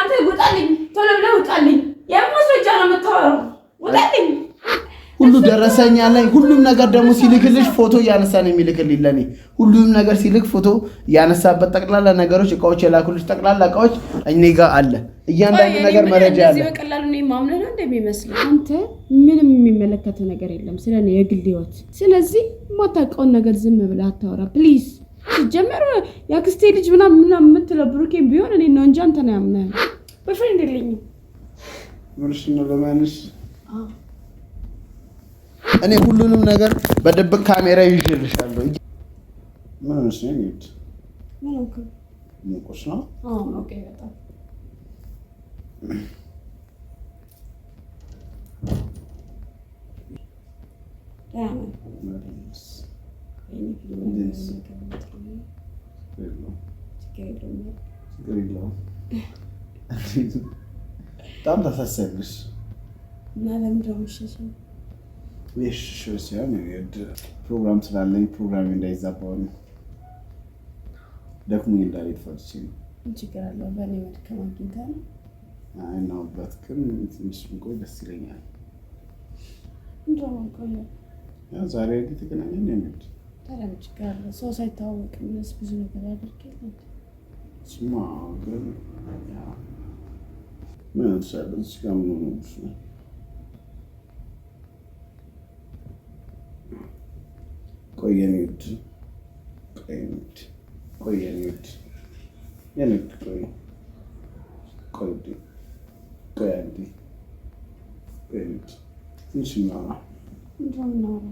አንተ ውጣልኝ፣ ቶሎ ብለህ ውጣልኝ። የማስረጃ ነው የምታወራው። ውጣልኝ። ሁሉ ደረሰኝ አለኝ። ሁሉም ነገር ደግሞ ሲልክልሽ ፎቶ እያነሳ ነው የሚልክልኝ ለእኔ። ሁሉም ነገር ሲልክ ፎቶ እያነሳበት ጠቅላላ ነገሮች፣ እቃዎች የላኩልሽ ጠቅላላ እቃዎች እኔ ጋር አለ። እያንዳንዱ ነገር መረጃ አለ። በቀላሉ እኔ ማምነህ ነው እንደሚመስልህ። አንተ ምንም የሚመለከተ ነገር የለም ስለ የግል ህይወት። ስለዚህ የማታውቀውን ነገር ዝም ብለህ አታወራ ፕሊዝ። ሲጀመር የአክስቴ ልጅ ምናምን ምናምን የምትለው ብሩኬን ቢሆን እኔ ነው እንጂ አንተ ነው ያምናል። በፍሬንድ የለኝም ነው እኔ ሁሉንም ነገር በድብቅ ካሜራ ይዤልሻለሁ። ምን ነው ምን ነው ነው? ኦኬ። ያ በጣም ታሳሳለሽ እና ለምንድነው የምትሸሸው? የሸሸው ሲሆን ፕሮግራም ስላለኝ ፕሮግራም እንዳይዛባው ነው። ደክሞኝ እንዳለ የተፈርቼ ነው። ችግር አለው። በእኔ መልካም አግኝተህ ነው አይናውበት ግን ትንሽ ብንቆይ ደስ ይለኛል። እንደውም ቆይ ዛሬ ተገናኘን የሚሉት ታዲያ ምን ችግር አለ? ሰው ሳይተዋወቅ ምንስ ብዙ ነገር ያደርግ ስማ ግን ምን አልሳለን ስጋ ምን ሆነ ቆየን ይድ ቆየን ይድ ቆየን ይድ የንድ ቆይ ቆይ ቆይ አንዴ ቆየን ይድ ትንሽ እናውራ እንደምናውራ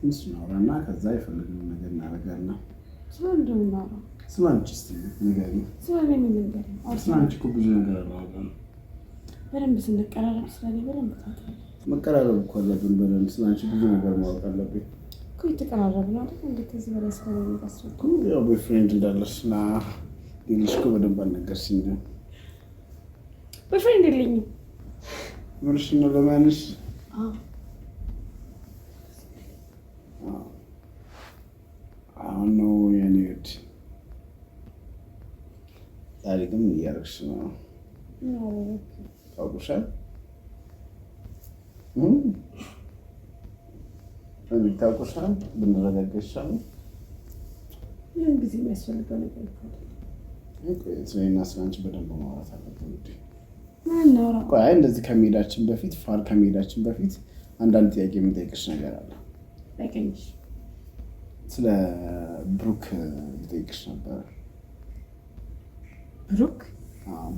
ትንሽ እናውራና ከዛ የፈለግነው ነገር እናደርጋለን። ስለአንቺ እስኪ ንገሪኝ። ስለአንቺ እኮ ብዙ ነገር አላወራንም። በደንብ ስንቀራረብ ስለ በደንብ መቀራረብ እኮ አለብን። በደንብ ስለአንቺ ብዙ ነገር ማወቅ አለብኝ እኮ የተቀራረብን አይደል? እንዴት ከዚህ በላይ ያው ቦይፍሬንድ እንዳለሽ እና ሌሎች እኮ በደንብ አልነገርሽኝም። ቦይፍሬንድ የለኝም ብልሽ ነው ለማንሽ ታውቁሻል። ታውቁሻል። ብንረጋጋ ይሻላል። ጊዜ የሚያስፈልገው ነገር ስለና ስለአንቺ በደንብ ማውራት አለብን። ቆይ እንደዚህ ከመሄዳችን በፊት ፋር ከመሄዳችን በፊት አንዳንድ ጥያቄ የምጠይቅሽ ነገር አለ። ስለ ብሩክ ልጠይቅሽ ነበር። ብሩክ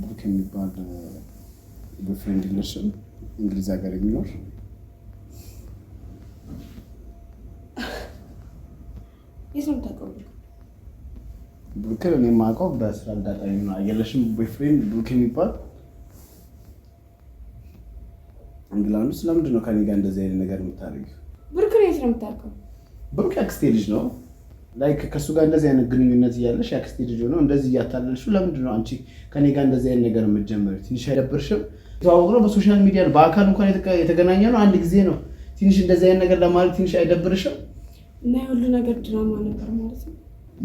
ብሩክ የሚባል በፍሬንድ ግለሽም እንግሊዝ ሀገር የሚኖር ብሩክን እኔ የማውቀው በስራ አጋጣሚ ነው። አየለሽም ቦይፍሬንድ ብሩክ የሚባል እንግላንዱ። ስለምንድን ነው ከኔ ጋር እንደዚህ አይነት ነገር የምታደርጊው? ብሩክ ነው የት ነው የምታውቀው? ብሩክ ያክስቴ ልጅ ነው። ላይክ ከእሱ ጋር እንደዚህ አይነት ግንኙነት እያለሽ ያክስቴ ልጅ ሆነው እንደዚህ እያታለልሽ ለምንድን ነው አንቺ ከኔ ጋር እንደዚህ አይነት ነገር የምትጀምሪ? ትንሽ አይደብርሽም? ነው በሶሻል ሚዲያ ነው። በአካል እንኳን የተገናኘ ነው አንድ ጊዜ ነው። ትንሽ እንደዚህ አይነት ነገር ለማድረግ ትንሽ አይደብርሽም? እና የሁሉ ነገር ድራማ ነበር ማለት ነው።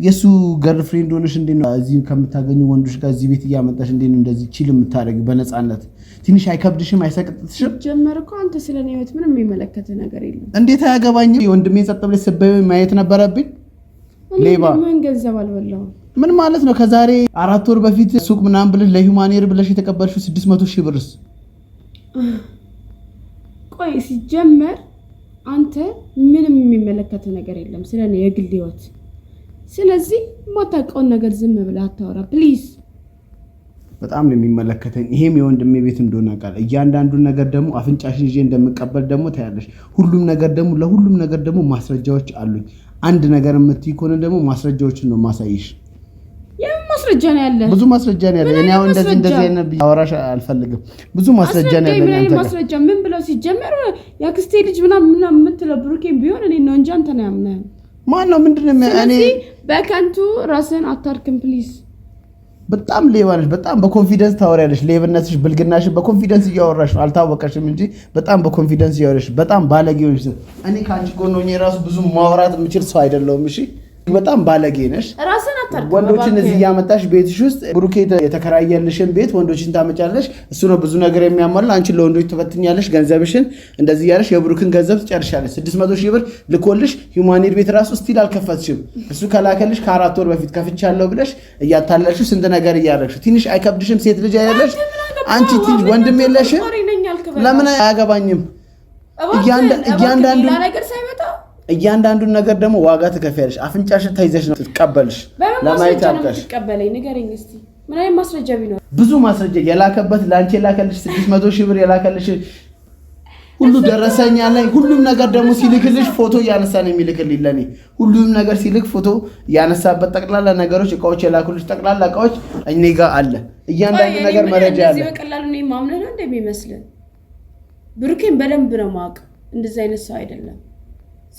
የእሱ ገርል ፍሬንድ ሆነሽ እንዴት ነው እዚህ ከምታገኙ ወንዶች ጋር እዚህ ቤት እያመጣሽ እንዴት ነው እንደዚህ ቺል የምታደርግ በነፃነት? ትንሽ አይከብድሽም? አይሰቅጥትሽም? ጀመር እኮ አንተ ስለ እኔ ሕይወት ምንም የሚመለከት ነገር የለም። እንዴት አያገባኝም? ወንድሜ ጸጥ ብለሽ ስትበይው ማየት ነበረብኝ። ሌባ ምን ገንዘብ አልበላሁም። ምን ማለት ነው? ከዛሬ አራት ወር በፊት ሱቅ ምናምን ብለሽ ለሂውማኔር ብለሽ የተቀበልሽው ስድስት መቶ ሺህ ብርስ ቆይ ሲጀመር አንተ ምንም የሚመለከት ነገር የለም ስለ እኔ የግል ህይወት። ስለዚህ የማታውቀውን ነገር ዝም ብለህ አታወራ ፕሊዝ። በጣም ነው የሚመለከተኝ። ይሄም የወንድሜ ቤት እንደሆነ ቃል እያንዳንዱን ነገር ደግሞ አፍንጫሽን ይዤ እንደምቀበል ደግሞ ታያለሽ። ሁሉም ነገር ደግሞ ለሁሉም ነገር ደግሞ ማስረጃዎች አሉኝ። አንድ ነገር የምትይ ከሆነ ደግሞ ማስረጃዎችን ነው ማሳይሽ። ብዙ ማስረጃ ነው ያለ። እኔ አሁን እንደዚህ እንደዚህ አይነት አወራሽ አልፈልግም። ብዙ ማስረጃ ነው ያለ። አንተ ማስረጃ ምን ብለው ሲጀመር የአክስቴ ልጅ ምናምን ምናምን የምትለው ብሩኬን ቢሆን እኔ ነው እንጂ አንተ ነው ያምነህ። ማን ነው ምንድነው? እኔ በከንቱ ራስን አታርክም ፕሊዝ በጣም ሌባ ነሽ። በጣም በኮንፊደንስ ታወሪያለሽ። ሌብነትሽ፣ ብልግናሽ በኮንፊደንስ እያወራሽ ነው። አልታወቀሽም እንጂ በጣም በኮንፊደንስ እያወራሽ፣ በጣም ባለጌዎች። እኔ ከአንቺ ጎን ሆኜ ራሱ ብዙ ማውራት የምችል ሰው አይደለሁም። እሺ በጣም ባለጌ ነሽ። ወንዶችን እዚህ እያመጣሽ ቤትሽ ውስጥ ብሩኬ የተከራየልሽን ቤት ወንዶችን ታመጫለሽ። እሱ ነው ብዙ ነገር የሚያሟላ። አንቺን ለወንዶች ትፈትኛለሽ። ገንዘብሽን እንደዚህ እያለሽ የብሩክን ገንዘብ ትጨርሻለሽ። ስድስት መቶ ሺህ ብር ልኮልሽ ሂውማኒድ ቤት ራሱ ስቲል አልከፈትሽም። እሱ ከላከልሽ ከአራት ወር በፊት ከፍቻለሁ ብለሽ እያታለልሽው ስንት ነገር እያደረግሽ ትንሽ አይከብድሽም? ሴት ልጅ አይደለሽ አንቺ? ትንሽ ወንድም የለሽም? ለምን አያገባኝም እያንዳንዱ እያንዳንዱን ነገር ደግሞ ዋጋ ትከፍያለሽ። አፍንጫሽን ተይዘሽ ነው ትቀበልሽ። ለማየት ያብቃሽ። ማስረጃ ቢኖር ብዙ ማስረጃ የላከበት ለአንቺ የላከልሽ ስድስት መቶ ሺህ ብር የላከልሽ ሁሉ ደረሰኛ ላይ ሁሉም ነገር ደግሞ ሲልክልሽ ፎቶ እያነሳ ነው የሚልክልኝ። ለኔ ሁሉም ነገር ሲልክ ፎቶ እያነሳበት ጠቅላላ ነገሮች፣ እቃዎች የላኩልሽ ጠቅላላ እቃዎች እኔ ጋር አለ። እያንዳንዱ ነገር መረጃ አለ። በቀላሉ እኔ እንደሚመስልን ብሩኬን በደንብ ነው ማወቅ። እንደዚህ አይነት ሰው አይደለም።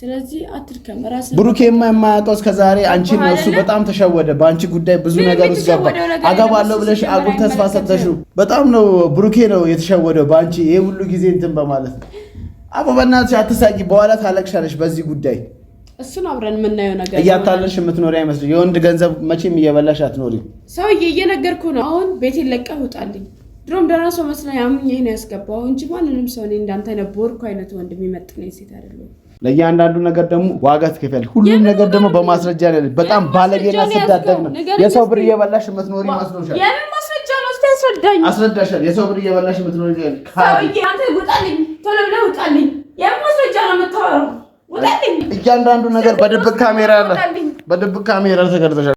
ስለዚህ አትርከም ራስ ብሩኬ የማያውቀው እስከ ዛሬ አንቺ ነው እሱ በጣም ተሸወደ። በአንቺ ጉዳይ ብዙ ነገር ውስጥ ገባ። አገባለሁ ብለሽ አጉል ተስፋ ሰጥተሽው በጣም ነው ብሩኬ ነው የተሸወደው በአንቺ ይሄ ሁሉ ጊዜ እንትን በማለት ነው። አቦ በእናትሽ አትሳቂ፣ በኋላ ታለቅሻለሽ በዚህ ጉዳይ። እሱን አብረን የምናየው ነገር እያታለሽ የምትኖሪ አይመስልም። የወንድ ገንዘብ መቼም እየበላሽ አትኖሪ። ሰውዬ እየነገርኩ ነው። አሁን ቤቴን ለቀህ ውጣልኝ። ድሮም ደህና ሰው መስላ ያምኜ ነው ያስገባው እንጂ ማንንም ሰው እኔ እንዳንተ ነበር እኮ አይነት ወንድ የሚመጥነኝ ሴት አይደለሁም። ለእያንዳንዱ ነገር ደግሞ ዋጋ ትከፍያለሽ። ሁሉም ነገር ደግሞ በማስረጃ ያለ በጣም ባለጌና ስዳደግ ነው። የሰው ብር እየበላሽ የምትኖሪ መስሎሻል? የምን ማስረጃ ነው? እስኪ አስረዳኝ። አስረዳሻል። የሰው ብር እየበላሽ የምትኖሪ እያንዳንዱ ነገር በድብቅ ካሜራ በድብቅ ካሜራ ተቀርጸሻል።